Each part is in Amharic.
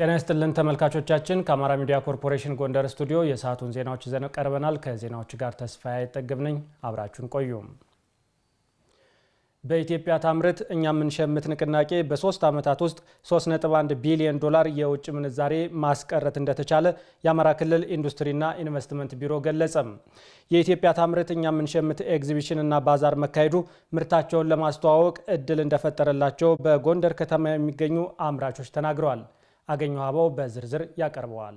ጤና ይስጥልን ተመልካቾቻችን፣ ከአማራ ሚዲያ ኮርፖሬሽን ጎንደር ስቱዲዮ የሰዓቱን ዜናዎች ይዘን ቀርበናል። ከዜናዎች ጋር ተስፋዬ አይጠግብ ነኝ። አብራችሁን ቆዩ። በኢትዮጵያ ታምርት እኛ የምንሸምት ንቅናቄ በሶስት ዓመታት ውስጥ 3.1 ቢሊዮን ዶላር የውጭ ምንዛሬ ማስቀረት እንደተቻለ የአማራ ክልል ኢንዱስትሪና ኢንቨስትመንት ቢሮ ገለጸም። የኢትዮጵያ ታምርት እኛ የምንሸምት ኤግዚቢሽን እና ባዛር መካሄዱ ምርታቸውን ለማስተዋወቅ እድል እንደፈጠረላቸው በጎንደር ከተማ የሚገኙ አምራቾች ተናግረዋል። አገኘሁ አበው በዝርዝር ያቀርበዋል።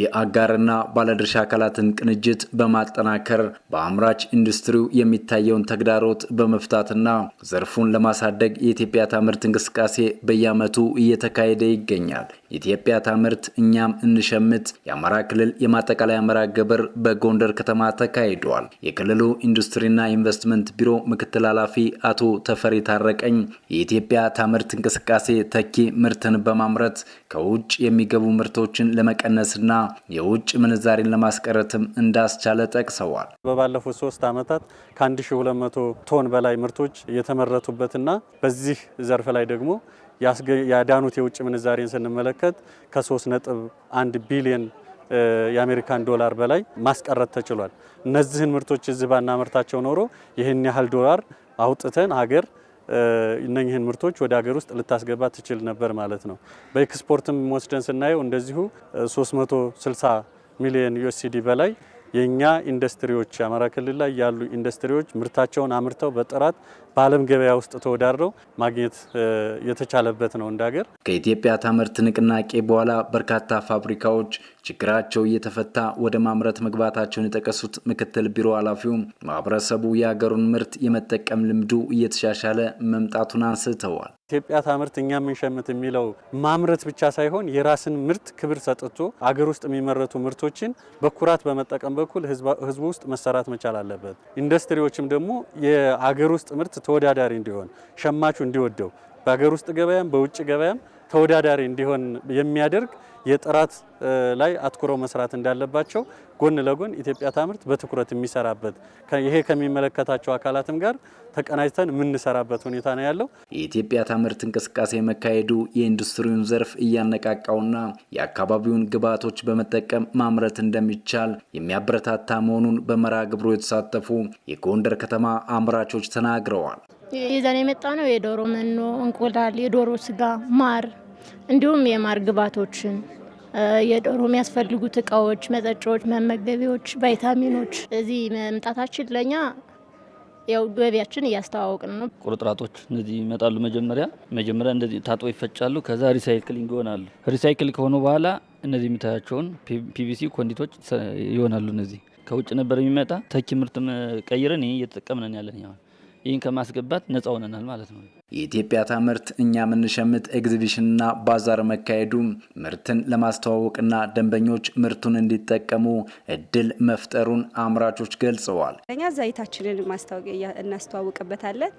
የአጋርና ባለድርሻ አካላትን ቅንጅት በማጠናከር በአምራች ኢንዱስትሪው የሚታየውን ተግዳሮት በመፍታትና ዘርፉን ለማሳደግ የኢትዮጵያ ታምርት እንቅስቃሴ በየዓመቱ እየተካሄደ ይገኛል። ኢትዮጵያ ታምርት እኛም እንሸምት የአማራ ክልል የማጠቃለያ መርሃ ግብር በጎንደር ከተማ ተካሂደዋል። የክልሉ ኢንዱስትሪና ኢንቨስትመንት ቢሮ ምክትል ኃላፊ አቶ ተፈሪ ታረቀኝ የኢትዮጵያ ታምርት እንቅስቃሴ ተኪ ምርትን በማምረት ከውጭ የሚገቡ ምርቶችን ለመቀነስና የውጭ ምንዛሬን ለማስቀረትም እንዳስቻለ ጠቅሰዋል። በባለፉት ሶስት ዓመታት ከ1200 ቶን በላይ ምርቶች የተመረቱበትና በዚህ ዘርፍ ላይ ደግሞ ያዳኑት የውጭ ምንዛሬን ስንመለከት ከ3.1 ቢሊዮን የአሜሪካን ዶላር በላይ ማስቀረት ተችሏል። እነዚህን ምርቶች እዚህ ባናመርታቸው ኖሮ ይህን ያህል ዶላር አውጥተን ሀገር እነኝህን ምርቶች ወደ ሀገር ውስጥ ልታስገባ ትችል ነበር ማለት ነው። በኤክስፖርትም ወስደን ስናየው እንደዚሁ 360 ሚሊዮን ዩኤስዲ በላይ የእኛ ኢንዱስትሪዎች አማራ ክልል ላይ ያሉ ኢንዱስትሪዎች ምርታቸውን አምርተው በጥራት በዓለም ገበያ ውስጥ ተወዳድረው ማግኘት የተቻለበት ነው። እንደ ሀገር ከኢትዮጵያ ታምርት ንቅናቄ በኋላ በርካታ ፋብሪካዎች ችግራቸው እየተፈታ ወደ ማምረት መግባታቸውን የጠቀሱት ምክትል ቢሮ ኃላፊውም ማህበረሰቡ የሀገሩን ምርት የመጠቀም ልምዱ እየተሻሻለ መምጣቱን አንስተዋል። ኢትዮጵያ ታምርት እኛ የምንሸምት የሚለው ማምረት ብቻ ሳይሆን የራስን ምርት ክብር ሰጥቶ አገር ውስጥ የሚመረቱ ምርቶችን በኩራት በመጠቀም በኩል ህዝቡ ውስጥ መሰራት መቻል አለበት። ኢንዱስትሪዎችም ደግሞ የአገር ውስጥ ምርት ተወዳዳሪ እንዲሆን ሸማቹ እንዲወደው በሀገር ውስጥ ገበያም በውጭ ገበያም ተወዳዳሪ እንዲሆን የሚያደርግ የጥራት ላይ አትኩሮ መስራት እንዳለባቸው ጎን ለጎን ኢትዮጵያ ታምርት በትኩረት የሚሰራበት ይሄ ከሚመለከታቸው አካላትም ጋር ተቀናጅተን የምንሰራበት ሁኔታ ነው ያለው። የኢትዮጵያ ታምርት እንቅስቃሴ መካሄዱ የኢንዱስትሪውን ዘርፍ እያነቃቃውና የአካባቢውን ግብዓቶች በመጠቀም ማምረት እንደሚቻል የሚያበረታታ መሆኑን በመርሃ ግብሩ የተሳተፉ የጎንደር ከተማ አምራቾች ተናግረዋል። ይዘን የመጣ ነው የዶሮ መኖ፣ እንቁላል፣ የዶሮ ስጋ፣ ማር እንዲሁም የማር ግባቶችን የዶሮ የሚያስፈልጉት እቃዎች፣ መጠጫዎች፣ መመገቢያዎች፣ ቫይታሚኖች እዚህ መምጣታችን ለእኛ ያው ገቢያችን እያስተዋወቅን ነው። ቁርጥራጦች እነዚህ ይመጣሉ። መጀመሪያ መጀመሪያ እንደዚህ ታጥቦ ይፈጫሉ። ከዛ ሪሳይክሊንግ ይሆናሉ። ሪሳይክል ከሆኑ በኋላ እነዚህ የሚታያቸውን ፒቪሲ ኮንዲቶች ይሆናሉ። እነዚህ ከውጭ ነበር የሚመጣ ተኪ ምርት ቀይረን እየተጠቀምነን ያለን ይህን ከማስገባት ነጻ ሆነናል ማለት ነው። የኢትዮጵያ ታምርት እኛ የምንሸምት ኤግዚቢሽንና ባዛር መካሄዱ ምርትን ለማስተዋወቅና ደንበኞች ምርቱን እንዲጠቀሙ እድል መፍጠሩን አምራቾች ገልጸዋል። እኛ ዘይታችንን ማስታወቂያ እናስተዋውቅበታለን።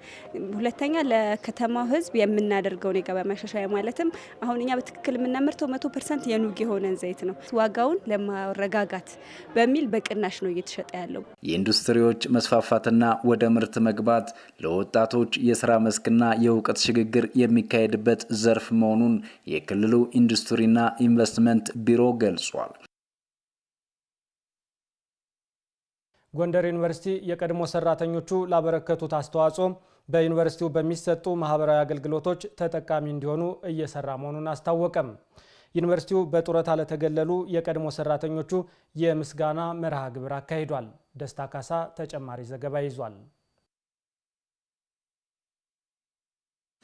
ሁለተኛ ለከተማው ሕዝብ የምናደርገውን የገበያ ማሻሻያ ማለትም አሁን እኛ በትክክል የምናመርተው መቶ ፐርሰንት የኑግ የሆነን ዘይት ነው። ዋጋውን ለማረጋጋት በሚል በቅናሽ ነው እየተሸጠ ያለው። የኢንዱስትሪዎች መስፋፋትና ወደ ምርት መግባት ለወጣቶች የስራ መስክና የእውቀት ሽግግር የሚካሄድበት ዘርፍ መሆኑን የክልሉ ኢንዱስትሪና ኢንቨስትመንት ቢሮ ገልጿል። ጎንደር ዩኒቨርሲቲ የቀድሞ ሰራተኞቹ ላበረከቱት አስተዋጽኦ በዩኒቨርሲቲው በሚሰጡ ማህበራዊ አገልግሎቶች ተጠቃሚ እንዲሆኑ እየሰራ መሆኑን አስታወቀም። ዩኒቨርሲቲው በጡረታ ለተገለሉ የቀድሞ ሰራተኞቹ የምስጋና መርሃ ግብር አካሂዷል። ደስታ ካሳ ተጨማሪ ዘገባ ይዟል።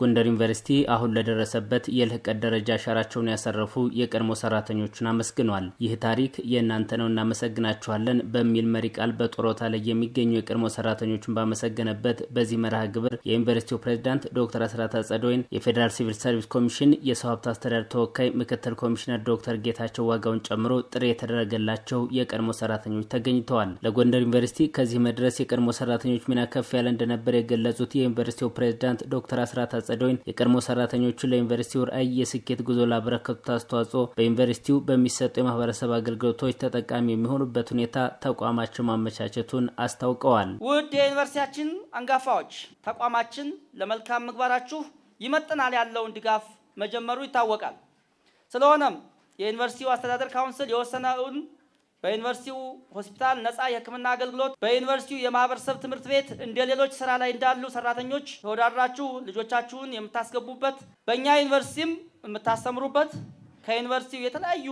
ጎንደር ዩኒቨርሲቲ አሁን ለደረሰበት የልህቀት ደረጃ አሻራቸውን ያሰረፉ የቀድሞ ሰራተኞችን አመስግኗል። ይህ ታሪክ የእናንተ ነው እናመሰግናችኋለን በሚል መሪ ቃል በጡረታ ላይ የሚገኙ የቀድሞ ሰራተኞቹን ባመሰገነበት በዚህ መርሃ ግብር የዩኒቨርሲቲው ፕሬዚዳንት ዶክተር አስራት አጸደወይን፣ የፌዴራል ሲቪል ሰርቪስ ኮሚሽን የሰው ሀብት አስተዳደር ተወካይ ምክትል ኮሚሽነር ዶክተር ጌታቸው ዋጋውን ጨምሮ ጥሪ የተደረገላቸው የቀድሞ ሰራተኞች ተገኝተዋል። ለጎንደር ዩኒቨርሲቲ ከዚህ መድረስ የቀድሞ ሰራተኞች ሚና ከፍ ያለ እንደነበር የገለጹት የዩኒቨርሲቲው ፕሬዚዳንት ዶክተር አስራት ጸደወይን የቀድሞ ሰራተኞቹ ለዩኒቨርሲቲው ራዕይ የስኬት ጉዞ ላበረከቱት አስተዋጽኦ በዩኒቨርሲቲው በሚሰጡ የማህበረሰብ አገልግሎቶች ተጠቃሚ የሚሆኑበት ሁኔታ ተቋማቸው ማመቻቸቱን አስታውቀዋል። ውድ የዩኒቨርሲቲያችን አንጋፋዎች ተቋማችን ለመልካም ምግባራችሁ ይመጥናል ያለውን ድጋፍ መጀመሩ ይታወቃል። ስለሆነም የዩኒቨርሲቲው አስተዳደር ካውንስል የወሰነውን በዩኒቨርሲቲው ሆስፒታል ነፃ የሕክምና አገልግሎት በዩኒቨርሲቲው የማህበረሰብ ትምህርት ቤት እንደ ሌሎች ስራ ላይ እንዳሉ ሰራተኞች ተወዳድራችሁ ልጆቻችሁን የምታስገቡበት በእኛ ዩኒቨርሲቲም የምታስተምሩበት ከዩኒቨርሲቲው የተለያዩ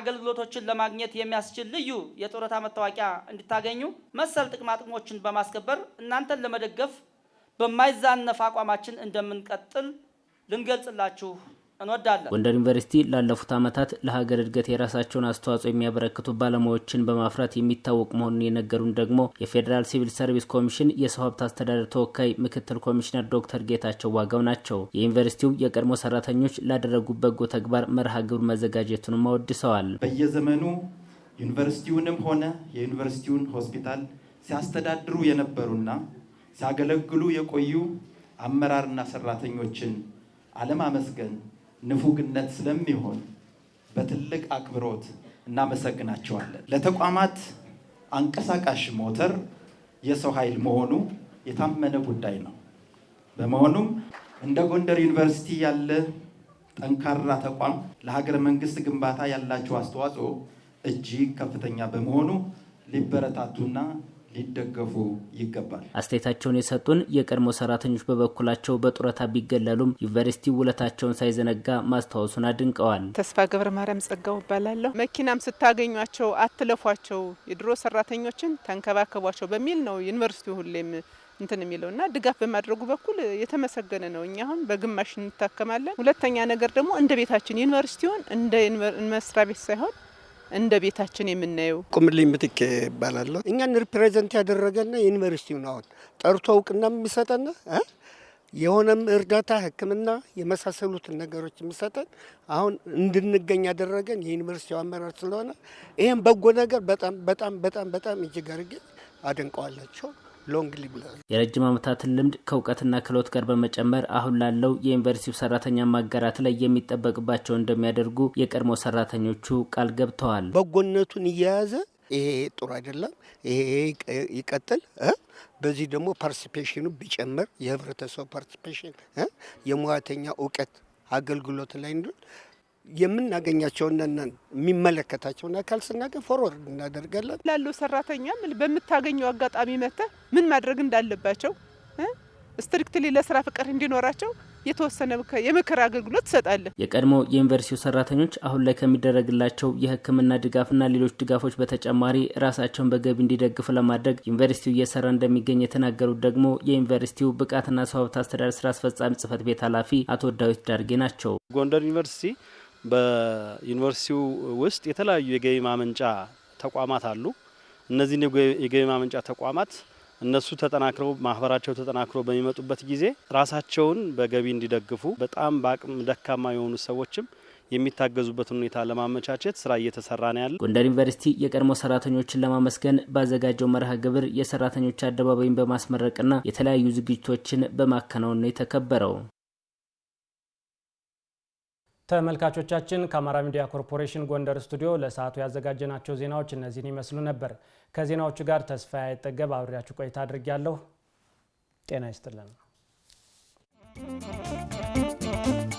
አገልግሎቶችን ለማግኘት የሚያስችል ልዩ የጡረታ መታወቂያ እንድታገኙ መሰል ጥቅማ ጥቅሞችን በማስከበር እናንተን ለመደገፍ በማይዛነፍ አቋማችን እንደምንቀጥል ልንገልጽላችሁ እንወዳለን። ጎንደር ዩኒቨርሲቲ ላለፉት ዓመታት ለሀገር እድገት የራሳቸውን አስተዋጽኦ የሚያበረክቱ ባለሙያዎችን በማፍራት የሚታወቅ መሆኑን የነገሩን ደግሞ የፌዴራል ሲቪል ሰርቪስ ኮሚሽን የሰው ሀብት አስተዳደር ተወካይ ምክትል ኮሚሽነር ዶክተር ጌታቸው ዋጋው ናቸው። የዩኒቨርሲቲው የቀድሞ ሰራተኞች ላደረጉ በጎ ተግባር መርሃ ግብር መዘጋጀቱንም አወድሰዋል። በየዘመኑ ዩኒቨርሲቲውንም ሆነ የዩኒቨርሲቲውን ሆስፒታል ሲያስተዳድሩ የነበሩና ሲያገለግሉ የቆዩ አመራርና ሰራተኞችን አለማመስገን ንፉግነት ስለሚሆን በትልቅ አክብሮት እናመሰግናቸዋለን። ለተቋማት አንቀሳቃሽ ሞተር የሰው ኃይል መሆኑ የታመነ ጉዳይ ነው። በመሆኑም እንደ ጎንደር ዩኒቨርሲቲ ያለ ጠንካራ ተቋም ለሀገረ መንግስት ግንባታ ያላቸው አስተዋጽኦ እጅግ ከፍተኛ በመሆኑ ሊበረታቱና ሊደገፉ ይገባል። አስተያየታቸውን የሰጡን የቀድሞ ሰራተኞች በበኩላቸው በጡረታ ቢገለሉም ዩኒቨርሲቲ ውለታቸውን ሳይዘነጋ ማስታወሱን አድንቀዋል። ተስፋ ገብረ ማርያም ጸጋው እባላለሁ። መኪናም ስታገኟቸው አትለፏቸው፣ የድሮ ሰራተኞችን ተንከባከቧቸው በሚል ነው ዩኒቨርሲቲ ሁሌም እንትን የሚለው እና ድጋፍ በማድረጉ በኩል የተመሰገነ ነው። እኛ አሁን በግማሽ እንታከማለን። ሁለተኛ ነገር ደግሞ እንደ ቤታችን ዩኒቨርሲቲውን እንደ መስሪያ ቤት ሳይሆን እንደ ቤታችን የምናየው። ቁምልኝ ምትክ ይባላለሁ። እኛን ሪፕሬዘንት ያደረገና ዩኒቨርሲቲውን አሁን ጠርቶ እውቅና የሚሰጠና የሆነም እርዳታ ሕክምና የመሳሰሉትን ነገሮች የሚሰጠን አሁን እንድንገኝ ያደረገን የዩኒቨርሲቲው አመራር ስለሆነ ይህም በጎ ነገር በጣም በጣም በጣም በጣም እጅግ አድርጌ አደንቀዋላቸው። ሎንግ ሊቭ የረጅም ዓመታትን ልምድ ከእውቀትና ክህሎት ጋር በመጨመር አሁን ላለው የዩኒቨርሲቲው ሰራተኛ ማጋራት ላይ የሚጠበቅባቸው እንደሚያደርጉ የቀድሞ ሰራተኞቹ ቃል ገብተዋል። በጎነቱን እየያዘ ይሄ ጥሩ አይደለም፣ ይሄ ይቀጥል፣ በዚህ ደግሞ ፓርቲሲፔሽኑ ቢጨምር የህብረተሰቡ ፓርቲሲፔሽን የሙያተኛ እውቀት አገልግሎት ላይ እንዲሆን የምናገኛቸውንና የሚመለከታቸውን አካል ስናገኝ ፎርወርድ እናደርጋለን። ላለው ሰራተኛ በምታገኘው አጋጣሚ መተ ምን ማድረግ እንዳለባቸው ስትሪክትሊ ለስራ ፍቅር እንዲኖራቸው የተወሰነ የምክር አገልግሎት ትሰጣለን። የቀድሞ የዩኒቨርሲቲው ሰራተኞች አሁን ላይ ከሚደረግላቸው የሕክምና ድጋፍና ሌሎች ድጋፎች በተጨማሪ ራሳቸውን በገቢ እንዲደግፉ ለማድረግ ዩኒቨርሲቲው እየሰራ እንደሚገኝ የተናገሩት ደግሞ የዩኒቨርሲቲው ብቃትና ሰው ሀብት አስተዳደር ስራ አስፈጻሚ ጽህፈት ቤት ኃላፊ አቶ ዳዊት ዳርጌ ናቸው። ጎንደር ዩኒቨርሲቲ በዩኒቨርሲቲው ውስጥ የተለያዩ የገቢ ማመንጫ ተቋማት አሉ። እነዚህን የገቢ ማመንጫ ተቋማት እነሱ ተጠናክረው ማህበራቸው ተጠናክሮ በሚመጡበት ጊዜ ራሳቸውን በገቢ እንዲደግፉ በጣም በአቅም ደካማ የሆኑ ሰዎችም የሚታገዙበትን ሁኔታ ለማመቻቸት ስራ እየተሰራ ነው ያለ ጎንደር ዩኒቨርሲቲ የቀድሞ ሰራተኞችን ለማመስገን ባዘጋጀው መርሃ ግብር የሰራተኞች አደባባይን በማስመረቅና የተለያዩ ዝግጅቶችን በማከናወን ነው የተከበረው። ተመልካቾቻችን ከአማራ ሚዲያ ኮርፖሬሽን ጎንደር ስቱዲዮ ለሰዓቱ ያዘጋጀናቸው ዜናዎች እነዚህን ይመስሉ ነበር። ከዜናዎቹ ጋር ተስፋ አይጠገብ አብሬያችሁ ቆይታ አድርጌያለሁ። ጤና ይስጥልን።